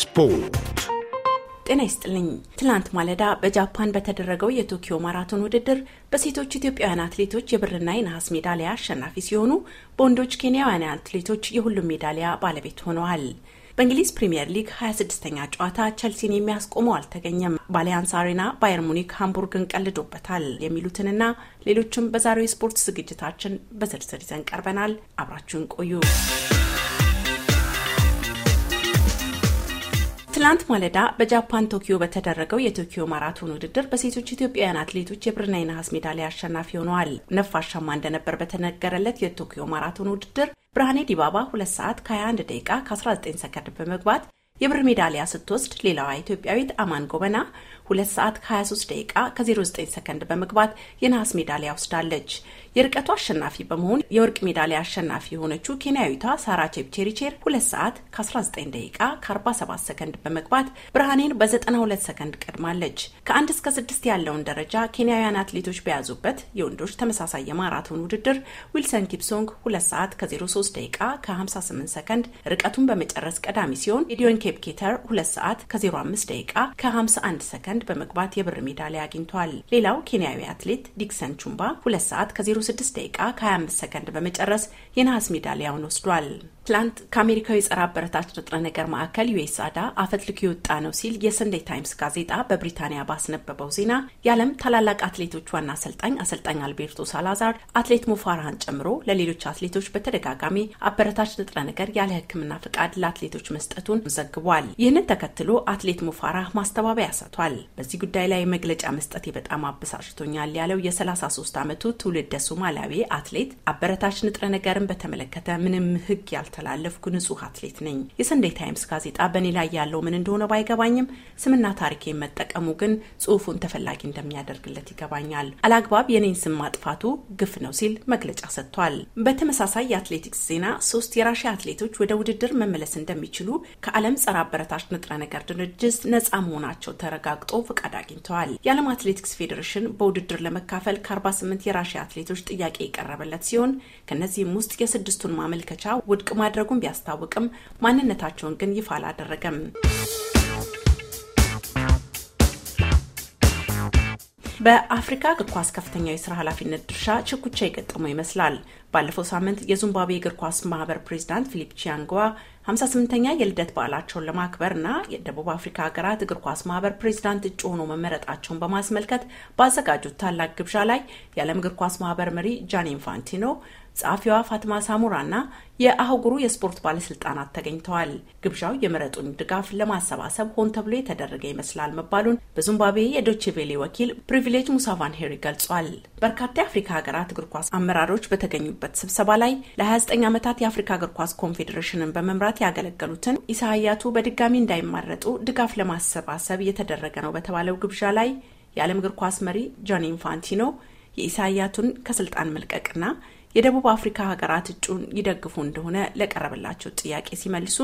ስፖርት ጤና ይስጥልኝ። ትላንት ማለዳ በጃፓን በተደረገው የቶኪዮ ማራቶን ውድድር በሴቶች ኢትዮጵያውያን አትሌቶች የብርና የነሐስ ሜዳሊያ አሸናፊ ሲሆኑ በወንዶች ኬንያውያን አትሌቶች የሁሉም ሜዳሊያ ባለቤት ሆነዋል። በእንግሊዝ ፕሪምየር ሊግ 26ኛ ጨዋታ ቸልሲን የሚያስቆመው አልተገኘም። ባሊያንስ አሬና ባየር ሙኒክ ሃምቡርግን ቀልዶበታል። የሚሉትንና ሌሎችም በዛሬው የስፖርት ዝግጅታችን በዝርዝር ይዘን ቀርበናል። አብራችሁን ቆዩ። ትላንት ማለዳ በጃፓን ቶኪዮ በተደረገው የቶኪዮ ማራቶን ውድድር በሴቶች ኢትዮጵያውያን አትሌቶች የብርና የነሐስ ሜዳሊያ አሸናፊ ሆነዋል። ነፋሻማ እንደነበር በተነገረለት የቶኪዮ ማራቶን ውድድር ብርሃኔ ዲባባ 2 ሰዓት ከ21 ደቂቃ ከ19 ሰከንድ በመግባት የብር ሜዳሊያ ስትወስድ፣ ሌላዋ ኢትዮጵያዊት አማን ጎበና ሁለት ሰዓት ከ23 ደቂቃ ከ09 ሰከንድ በመግባት የነሐስ ሜዳሊያ ወስዳለች። የርቀቱ አሸናፊ በመሆን የወርቅ ሜዳሊያ አሸናፊ የሆነችው ኬንያዊቷ ሳራ ቼፕቼሪቼር ሁለት ሰዓት ከ19 ደቂቃ ከ47 ሰከንድ በመግባት ብርሃኔን በ92 ሰከንድ ቀድማለች። ከአንድ እስከ ስድስት ያለውን ደረጃ ኬንያውያን አትሌቶች በያዙበት የወንዶች ተመሳሳይ የማራቶን ውድድር ዊልሰን ኪፕሶንግ ሁለት ሰዓት ከ03 ደቂቃ ከ58 ሰከንድ ርቀቱን በመጨረስ ቀዳሚ ሲሆን ኤዲዮን ኬፕኬተር ሁለት ሰዓት ከ05 ደቂቃ ከ51 ሰከንድ ዘንድ በመግባት የብር ሜዳሊያ አግኝቷል። ሌላው ኬንያዊ አትሌት ዲክሰን ቹምባ ሁለት ሰዓት ከ06 ደቂቃ ከ25 ሰከንድ በመጨረስ የነሐስ ሜዳሊያውን ወስዷል። ትላንት ከአሜሪካዊ ጸረ አበረታች ንጥረ ነገር ማዕከል ዩኤስአዳ አፈትልኮ የወጣ ነው ሲል የሰንዴ ታይምስ ጋዜጣ በብሪታንያ ባስነበበው ዜና የዓለም ታላላቅ አትሌቶች ዋና አሰልጣኝ አሰልጣኝ አልቤርቶ ሳላዛር አትሌት ሞፋራህን ጨምሮ ለሌሎች አትሌቶች በተደጋጋሚ አበረታች ንጥረ ነገር ያለ ሕክምና ፍቃድ ለአትሌቶች መስጠቱን ዘግቧል። ይህንን ተከትሎ አትሌት ሙፋራህ ማስተባበያ ሰጥቷል። በዚህ ጉዳይ ላይ መግለጫ መስጠቴ በጣም አበሳጭቶኛል ያለው የ33 ዓመቱ ትውልደ ሶማሊያዊ አትሌት አበረታች ንጥረ ነገርን በተመለከተ ምንም ሕግ ያልተ ያስተላለፍኩ ንጹህ አትሌት ነኝ። የሰንዴ ታይምስ ጋዜጣ በእኔ ላይ ያለው ምን እንደሆነ ባይገባኝም ስምና ታሪኬ መጠቀሙ ግን ጽሁፉን ተፈላጊ እንደሚያደርግለት ይገባኛል። አላግባብ የኔን ስም ማጥፋቱ ግፍ ነው ሲል መግለጫ ሰጥቷል። በተመሳሳይ የአትሌቲክስ ዜና ሶስት የራሽያ አትሌቶች ወደ ውድድር መመለስ እንደሚችሉ ከዓለም ጸረ አበረታች ንጥረ ነገር ድርጅት ነጻ መሆናቸው ተረጋግጦ ፍቃድ አግኝተዋል። የዓለም አትሌቲክስ ፌዴሬሽን በውድድር ለመካፈል ከ48 የራሽያ አትሌቶች ጥያቄ የቀረበለት ሲሆን ከእነዚህም ውስጥ የስድስቱን ማመልከቻ ውድቅ ማድረጉን ቢያስታውቅም ማንነታቸውን ግን ይፋ አላደረገም። በአፍሪካ እግር ኳስ ከፍተኛ የስራ ኃላፊነት ድርሻ ሽኩቻ የገጠመው ይመስላል። ባለፈው ሳምንት የዚምባብዌ እግር ኳስ ማህበር ፕሬዚዳንት ፊሊፕ ቺያንጓ 58ኛ የልደት በዓላቸውን ለማክበርና የደቡብ አፍሪካ ሀገራት እግር ኳስ ማህበር ፕሬዚዳንት እጩ ሆኖ መመረጣቸውን በማስመልከት ባዘጋጁት ታላቅ ግብዣ ላይ የዓለም እግር ኳስ ማህበር መሪ ጃኒ ኢንፋንቲኖ ጸሐፊዋ ፋትማ ሳሙራና የአህጉሩ የስፖርት ባለስልጣናት ተገኝተዋል። ግብዣው የምረጡን ድጋፍ ለማሰባሰብ ሆን ተብሎ የተደረገ ይመስላል መባሉን በዚምባብዌ የዶችቬሌ ወኪል ፕሪቪሌጅ ሙሳቫን ሄሪ ገልጿል። በርካታ የአፍሪካ ሀገራት እግር ኳስ አመራሮች በተገኙበት ስብሰባ ላይ ለ29 ዓመታት የአፍሪካ እግር ኳስ ኮንፌዴሬሽንን በመምራት ዓመታት ያገለገሉትን ኢሳያቱ በድጋሚ እንዳይማረጡ ድጋፍ ለማሰባሰብ እየተደረገ ነው በተባለው ግብዣ ላይ የዓለም እግር ኳስ መሪ ጆኒ ኢንፋንቲኖ የኢሳያቱን ከስልጣን መልቀቅና የደቡብ አፍሪካ ሀገራት እጩን ይደግፉ እንደሆነ ለቀረበላቸው ጥያቄ ሲመልሱ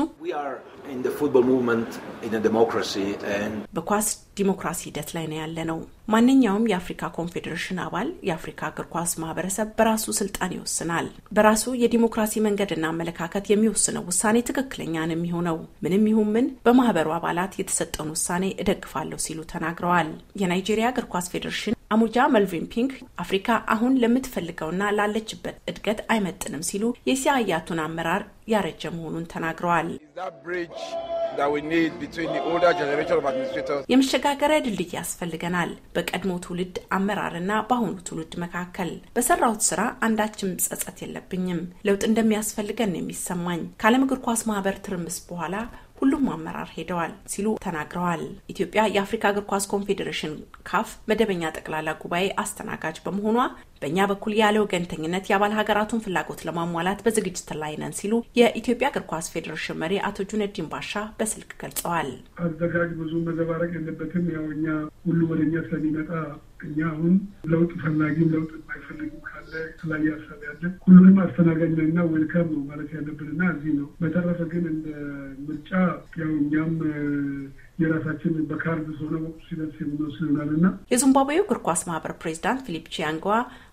በኳስ ዲሞክራሲ ሂደት ላይ ነው ያለ ነው። ማንኛውም የአፍሪካ ኮንፌዴሬሽን አባል የአፍሪካ እግር ኳስ ማህበረሰብ በራሱ ስልጣን ይወስናል። በራሱ የዲሞክራሲ መንገድና አመለካከት የሚወስነው ውሳኔ ትክክለኛ ነው የሚሆነው። ምንም ይሁን ምን በማህበሩ አባላት የተሰጠውን ውሳኔ እደግፋለሁ ሲሉ ተናግረዋል። የናይጄሪያ እግር ኳስ ፌዴሬሽን አሙጃ መልቪን ፒንክ አፍሪካ አሁን ለምትፈልገውና ላለችበት እድገት አይመጥንም ሲሉ የሲያያቱን አመራር ያረጀ መሆኑን ተናግረዋል። የመሸጋገሪያ ድልድይ ያስፈልገናል በቀድሞ ትውልድ አመራርና በአሁኑ ትውልድ መካከል። በሰራሁት ስራ አንዳችም ጸጸት የለብኝም። ለውጥ እንደሚያስፈልገን የሚሰማኝ። ከዓለም እግር ኳስ ማህበር ትርምስ በኋላ ሁሉም አመራር ሄደዋል ሲሉ ተናግረዋል። ኢትዮጵያ የአፍሪካ እግር ኳስ ኮንፌዴሬሽን ካፍ መደበኛ ጠቅላላ ጉባኤ አስተናጋጅ በመሆኗ በእኛ በኩል ያለ ወገንተኝነት የአባል ሀገራቱን ፍላጎት ለማሟላት በዝግጅት ላይ ነን ሲሉ የኢትዮጵያ እግር ኳስ ፌዴሬሽን መሪ አቶ ጁነዲን ባሻ በስልክ ገልጸዋል። አዘጋጅ ብዙ መዘባረቅ የለበትም። ያው እኛ ሁሉ ወደ እኛ ስለሚመጣ እኛ አሁን ለውጥ ፈላጊም ለውጥ የማይፈልግም ፕሮጀክት ላይ እያሰብ ያለ ሁሉንም አስተናጋጅነና ዌልካም ነው ማለት ያለብንና እዚህ ነው። በተረፈ ግን እንደ ምርጫ ያው እኛም የራሳችን በካርድ ሆነ ወቅቱ ሲደርስ ይሆናል ና የዚምባብዌው እግር ኳስ ማህበር ፕሬዚዳንት ፊሊፕ ቺያንጓ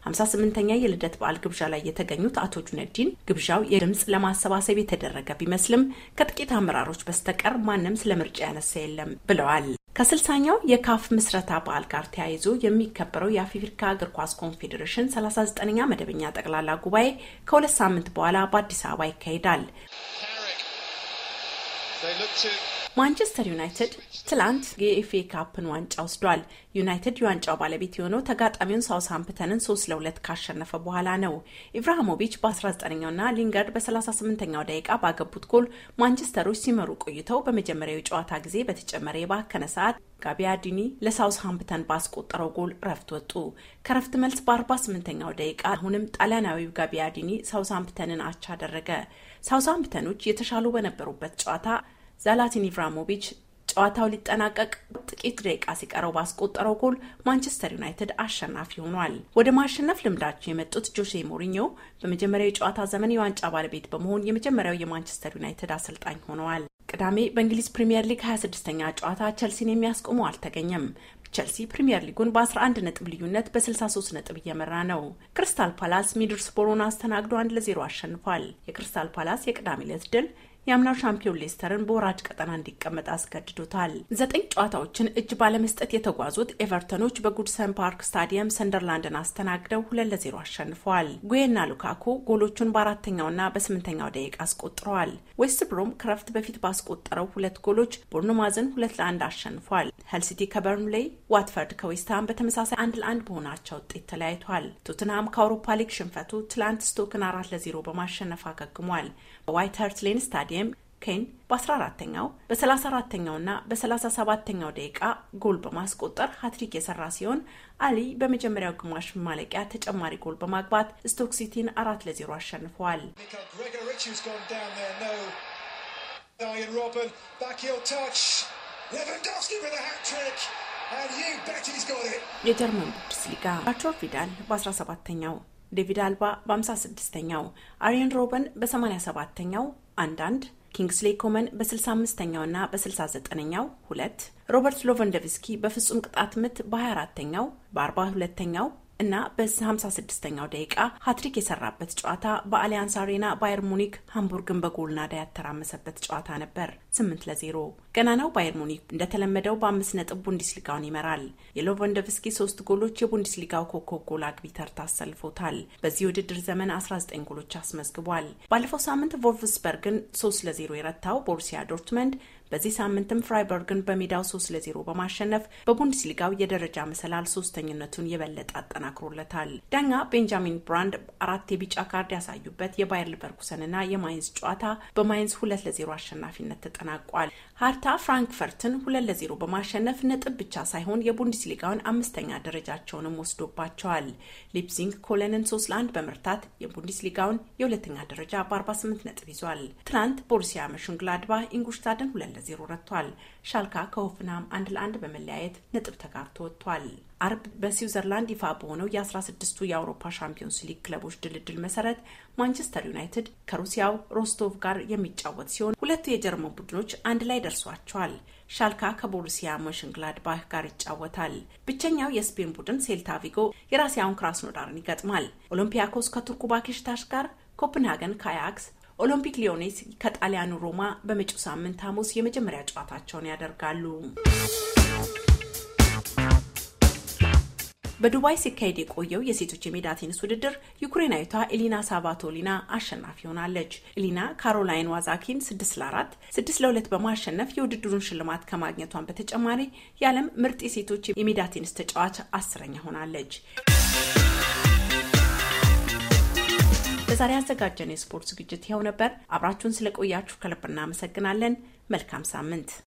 ሀምሳ ስምንተኛ የልደት በዓል ግብዣ ላይ የተገኙት አቶ ጁነዲን ግብዣው የድምፅ ለማሰባሰብ የተደረገ ቢመስልም ከጥቂት አመራሮች በስተቀር ማንም ስለ ምርጫ ያነሳ የለም ብለዋል። ከስልሳኛው የካፍ ምስረታ በዓል ጋር ተያይዞ የሚከበረው የአፍሪካ እግር ኳስ ኮንፌዴሬሽን 39ኛ መደበኛ ጠቅላላ ጉባኤ ከሁለት ሳምንት በኋላ በአዲስ አበባ ይካሄዳል። ማንቸስተር ዩናይትድ ትላንት የኤፍኤ ካፕን ዋንጫ ወስዷል። ዩናይትድ የዋንጫው ባለቤት የሆነው ተጋጣሚውን ሳውስሃምፕተንን ሶስት ለሁለት ካሸነፈ በኋላ ነው። ኢብራሃሞቪች በ19ኛውና ሊንጋርድ በ38ኛው ደቂቃ ባገቡት ጎል ማንቸስተሮች ሲመሩ ቆይተው በመጀመሪያው የጨዋታ ጊዜ በተጨመረ የባከነ ሰዓት ጋቢያዲኒ ለሳውስሃምፕተን ባስቆጠረው ጎል ረፍት ወጡ። ከረፍት መልስ በ48ኛው ደቂቃ አሁንም ጣሊያናዊው ጋቢያዲኒ ሳውስሃምፕተንን አቻ አደረገ። ሳውስሃምፕተኖች የተሻሉ በነበሩበት ጨዋታ ዛላቲን ኢብራሞቪች ጨዋታው ሊጠናቀቅ ጥቂት ደቂቃ ሲቀረው ባስቆጠረው ጎል ማንቸስተር ዩናይትድ አሸናፊ ሆኗል። ወደ ማሸነፍ ልምዳቸው የመጡት ጆሴ ሞሪኞ በመጀመሪያው የጨዋታ ዘመን የዋንጫ ባለቤት በመሆን የመጀመሪያው የማንቸስተር ዩናይትድ አሰልጣኝ ሆነዋል። ቅዳሜ በእንግሊዝ ፕሪምየር ሊግ 26ኛ ጨዋታ ቸልሲን የሚያስቆመው አልተገኘም። ቸልሲ ፕሪምየር ሊጉን በ11 ነጥብ ልዩነት በ63 ነጥብ እየመራ ነው። ክሪስታል ፓላስ ሚድልስቦሮን አስተናግዶ ለ ለዜሮ አሸንፏል። የክሪስታል ፓላስ የቅዳሜ ዕለት ድል የአምናው ሻምፒዮን ሌስተርን በወራጅ ቀጠና እንዲቀመጥ አስገድዶታል። ዘጠኝ ጨዋታዎችን እጅ ባለመስጠት የተጓዙት ኤቨርተኖች በጉድሰን ፓርክ ስታዲየም ሰንደርላንድን አስተናግደው ሁለት ለዜሮ አሸንፈዋል። ጉዬና ሉካኮ ጎሎቹን በአራተኛውና በስምንተኛው ደቂቃ አስቆጥረዋል። ዌስት ብሮም ክረፍት በፊት ባስቆጠረው ሁለት ጎሎች ቦርኖማዝን ሁለት ለአንድ አሸንፏል። ሄልሲቲ ከበርንሌይ፣ ዋትፈርድ ከዌስትሃም በተመሳሳይ አንድ ለአንድ በሆናቸው ውጤት ተለያይቷል። ቶትንሃም ከአውሮፓ ሊግ ሽንፈቱ ትላንት ስቶክን አራት ለዜሮ በማሸነፍ አገግሟል። በዋይት ሃርት ሌን ስታዲ ራዲየም ኬን በ14ተኛው በ34ተኛው ና በ37ተኛው ደቂቃ ጎል በማስቆጠር ሀትሪክ የሰራ ሲሆን አሊ በመጀመሪያው ግማሽ ማለቂያ ተጨማሪ ጎል በማግባት ስቶክ ሲቲን አራት ለዜሮ አሸንፈዋል። የጀርመን ሊጋ አርቱር ቪዳል በ17ተኛው ዴቪድ አልባ በ56ተኛው አሪን ሮበን በ87ተኛው አንዳንድ ኪንግስሌ ኮመን በ65ኛውና በ69ኛው ሁለት ሮበርት ሎቫንዶቭስኪ በፍጹም ቅጣት ምት በ24ተኛው በ42ተኛው እና በ56ኛው ደቂቃ ሀትሪክ የሰራበት ጨዋታ በአሊያንስ አሬና ባየር ሙኒክ ሃምቡርግን በጎልናዳ ያተራመሰበት ጨዋታ ነበር። 8 ለ0 ገናናው ባየር ሙኒክ እንደተለመደው በአምስት ነጥብ ቡንደስሊጋውን ይመራል። የሌቫንዶቭስኪ ሶስት ጎሎች የቡንደስሊጋው ኮከብ ጎል አግቢተር ታሰልፎታል። በዚህ ውድድር ዘመን 19 ጎሎች አስመዝግቧል። ባለፈው ሳምንት ቮልፍስበርግን 3 ለ0 የረታው ቦሩሲያ ዶርትመንድ በዚህ ሳምንትም ፍራይበርግን በሜዳው 3 ለ ለዜሮ በማሸነፍ በቡንደስሊጋው የደረጃ መሰላል ሶስተኝነቱን የበለጠ አጠናክሮለታል። ዳኛ ቤንጃሚን ብራንድ አራት የቢጫ ካርድ ያሳዩበት የባየር ሊቨርኩሰንና የማይንዝ ጨዋታ በማይንዝ ሁለት ለዜሮ አሸናፊነት ተጠናቋል። ሀርታ ፍራንክፈርትን ሁለት ለዜሮ በማሸነፍ ነጥብ ብቻ ሳይሆን የቡንድስሊጋውን አምስተኛ ደረጃቸውንም ወስዶባቸዋል። ሊፕዚንግ ኮለንን ሶስት ለአንድ በመርታት የቡንድስሊጋውን የሁለተኛ ደረጃ በ48 ነጥብ ይዟል። ትናንት ቦሩሲያ መሽንግላድባ ኢንጉሽታድን ሁለት ለዜሮ ረቷል። ሻልካ ከሆፍናም አንድ ለአንድ በመለያየት ነጥብ ተጋርቶ ወጥቷል። አርብ በስዊዘርላንድ ይፋ በሆነው የ16ቱ የአውሮፓ ሻምፒዮንስ ሊግ ክለቦች ድልድል መሰረት ማንቸስተር ዩናይትድ ከሩሲያው ሮስቶቭ ጋር የሚጫወት ሲሆን ሁለቱ የጀርመን ቡድኖች አንድ ላይ ደርሷቸዋል። ሻልካ ከቦሩሲያ ባህ ጋር ይጫወታል። ብቸኛው የስፔን ቡድን ሴልታ ቪጎ የራሲያውን ክራስኖዳርን ይገጥማል። ኦሎምፒያኮስ ከቱርኩ ባኬሽታሽ ጋር፣ ኮፕንሃገን ከአያክስ፣ ኦሎምፒክ ሊዮኔስ ከጣሊያኑ ሮማ በመጪው ሳምንት ሐሙስ የመጀመሪያ ጨዋታቸውን ያደርጋሉ። በዱባይ ሲካሄድ የቆየው የሴቶች የሜዳ ቴኒስ ውድድር ዩክሬናዊቷ ኤሊና ሳቫቶሊና አሸናፊ ሆናለች። ኤሊና ካሮላይን ዋዛኪን ስድስት ለአራት ስድስት ለሁለት በማሸነፍ የውድድሩን ሽልማት ከማግኘቷን በተጨማሪ የዓለም ምርጥ የሴቶች የሜዳ ቴኒስ ተጫዋች አስረኛ ሆናለች። በዛሬ ያዘጋጀን የስፖርት ዝግጅት ይኸው ነበር። አብራችሁን ስለቆያችሁ ከልብ እናመሰግናለን። መልካም ሳምንት።